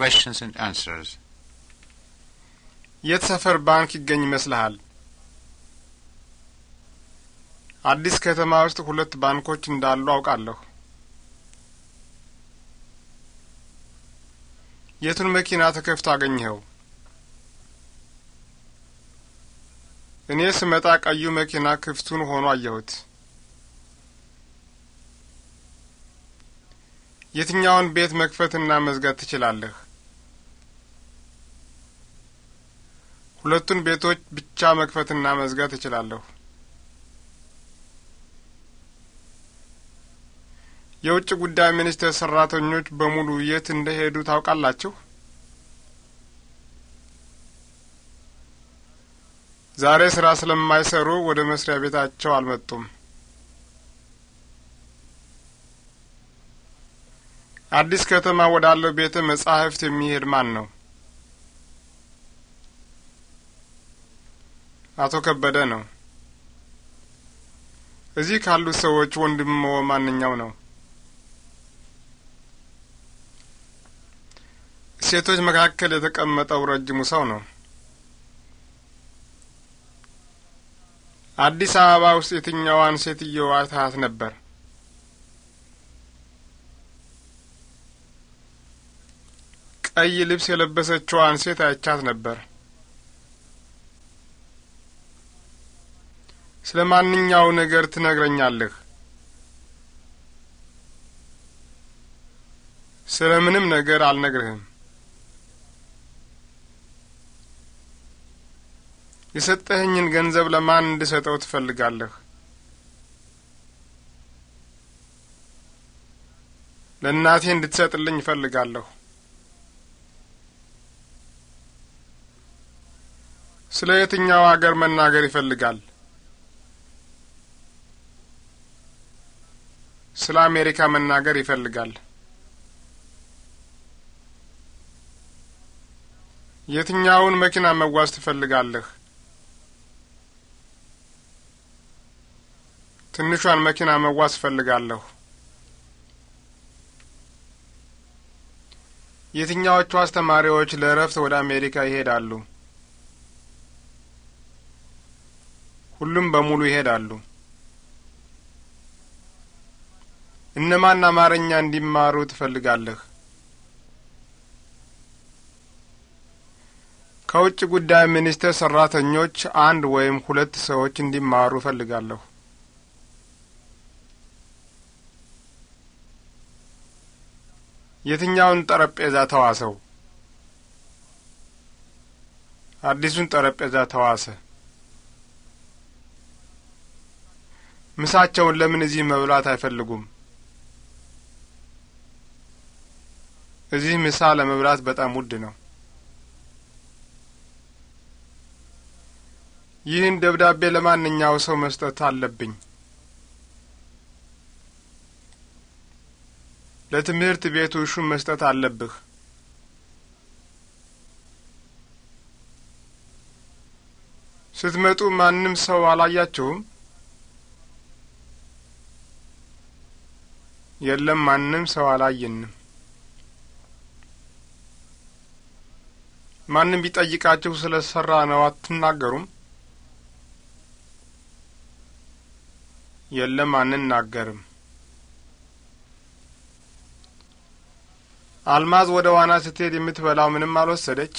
questions and answers የት ሰፈር ባንክ ይገኝ ይመስልሃል? አዲስ ከተማ ውስጥ ሁለት ባንኮች እንዳሉ አውቃለሁ። የቱን መኪና ተከፍቶ አገኘኸው? እኔ ስመጣ ቀዩ መኪና ክፍቱን ሆኖ አየሁት። የትኛውን ቤት መክፈትና መዝጋት ትችላለህ? ሁለቱን ቤቶች ብቻ መክፈትና መዝጋት እችላለሁ። የውጭ ጉዳይ ሚኒስቴር ሰራተኞች በሙሉ የት እንደሄዱ ታውቃላችሁ? ዛሬ ስራ ስለማይሰሩ ወደ መስሪያ ቤታቸው አልመጡም። አዲስ ከተማ ወዳለው ቤተ መጻሕፍት የሚሄድ ማን ነው? አቶ ከበደ ነው። እዚህ ካሉት ሰዎች ወንድሞ ማንኛው ነው? ሴቶች መካከል የተቀመጠው ረጅሙ ሰው ነው። አዲስ አበባ ውስጥ የትኛዋን ሴትየዋ ታያት ነበር? ቀይ ልብስ የለበሰችዋን ሴት አይቻት ነበር። ስለ ማንኛው ነገር ትነግረኛለህ? ስለ ምንም ነገር አልነግርህም። የሰጠህኝን ገንዘብ ለማን እንድሰጠው ትፈልጋለህ? ለእናቴ እንድትሰጥልኝ እፈልጋለሁ። ስለ የትኛው አገር መናገር ይፈልጋል? ስለ አሜሪካ መናገር ይፈልጋል። የትኛውን መኪና መጓዝ ትፈልጋለህ? ትንሿን መኪና መጓዝ እፈልጋለሁ። የትኛዎቹ አስተማሪዎች ለእረፍት ወደ አሜሪካ ይሄዳሉ? ሁሉም በሙሉ ይሄዳሉ። እነማን አማርኛ እንዲማሩ ትፈልጋለህ? ከውጭ ጉዳይ ሚኒስቴር ሰራተኞች አንድ ወይም ሁለት ሰዎች እንዲማሩ እፈልጋለሁ። የትኛውን ጠረጴዛ ተዋሰው? አዲሱን ጠረጴዛ ተዋሰ። ምሳቸውን ለምን እዚህ መብላት አይፈልጉም? እዚህ ምሳ ለመብላት በጣም ውድ ነው። ይህን ደብዳቤ ለማንኛው ሰው መስጠት አለብኝ። ለትምህርት ቤቱ ሹም መስጠት አለብህ። ስትመጡ ማንም ሰው አላያችሁም? የለም፣ ማንም ሰው አላየንም። ማንም ቢጠይቃችሁ ስለ ሰራ ነው አትናገሩም? የለም አንናገርም። አልማዝ ወደ ዋና ስትሄድ የምትበላው ምንም አልወሰደች?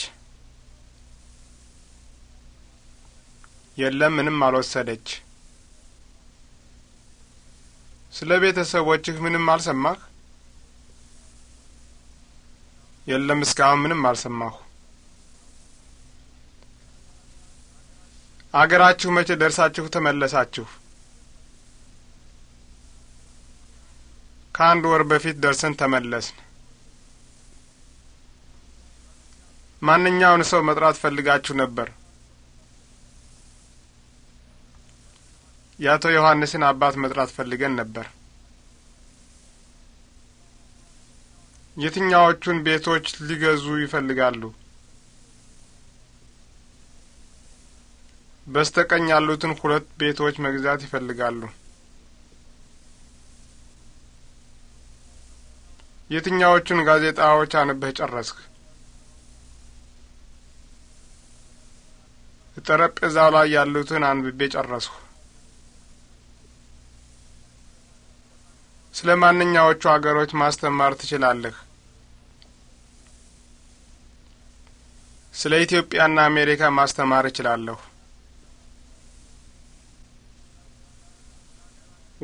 የለም ምንም አልወሰደች። ስለ ቤተሰቦችህ ምንም አልሰማህ? የለም እስካሁን ምንም አልሰማሁ። አገራችሁ መቼ ደርሳችሁ ተመለሳችሁ? ከአንድ ወር በፊት ደርሰን ተመለስን። ማንኛውን ሰው መጥራት ፈልጋችሁ ነበር? የአቶ ዮሐንስን አባት መጥራት ፈልገን ነበር። የትኛዎቹን ቤቶች ሊገዙ ይፈልጋሉ? በስተቀኝ ያሉትን ሁለት ቤቶች መግዛት ይፈልጋሉ። የትኛዎቹን ጋዜጣዎች አንብህ ጨረስክ? ጠረጴዛው ላይ ያሉትን አንብቤ ጨረስሁ ስለ ማንኛዎቹ አገሮች ማስተማር ትችላለህ? ስለ ኢትዮጵያና አሜሪካ ማስተማር እችላለሁ።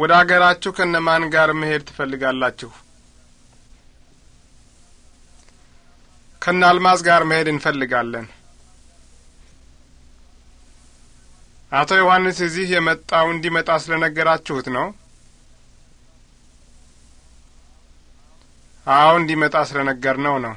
ወደ አገራችሁ ከነማን ጋር መሄድ ትፈልጋላችሁ? ከነ አልማዝ ጋር መሄድ እንፈልጋለን። አቶ ዮሐንስ እዚህ የመጣው እንዲመጣ ስለነገራችሁት ነው? አዎ እንዲመጣ ስለነገር ነው ነው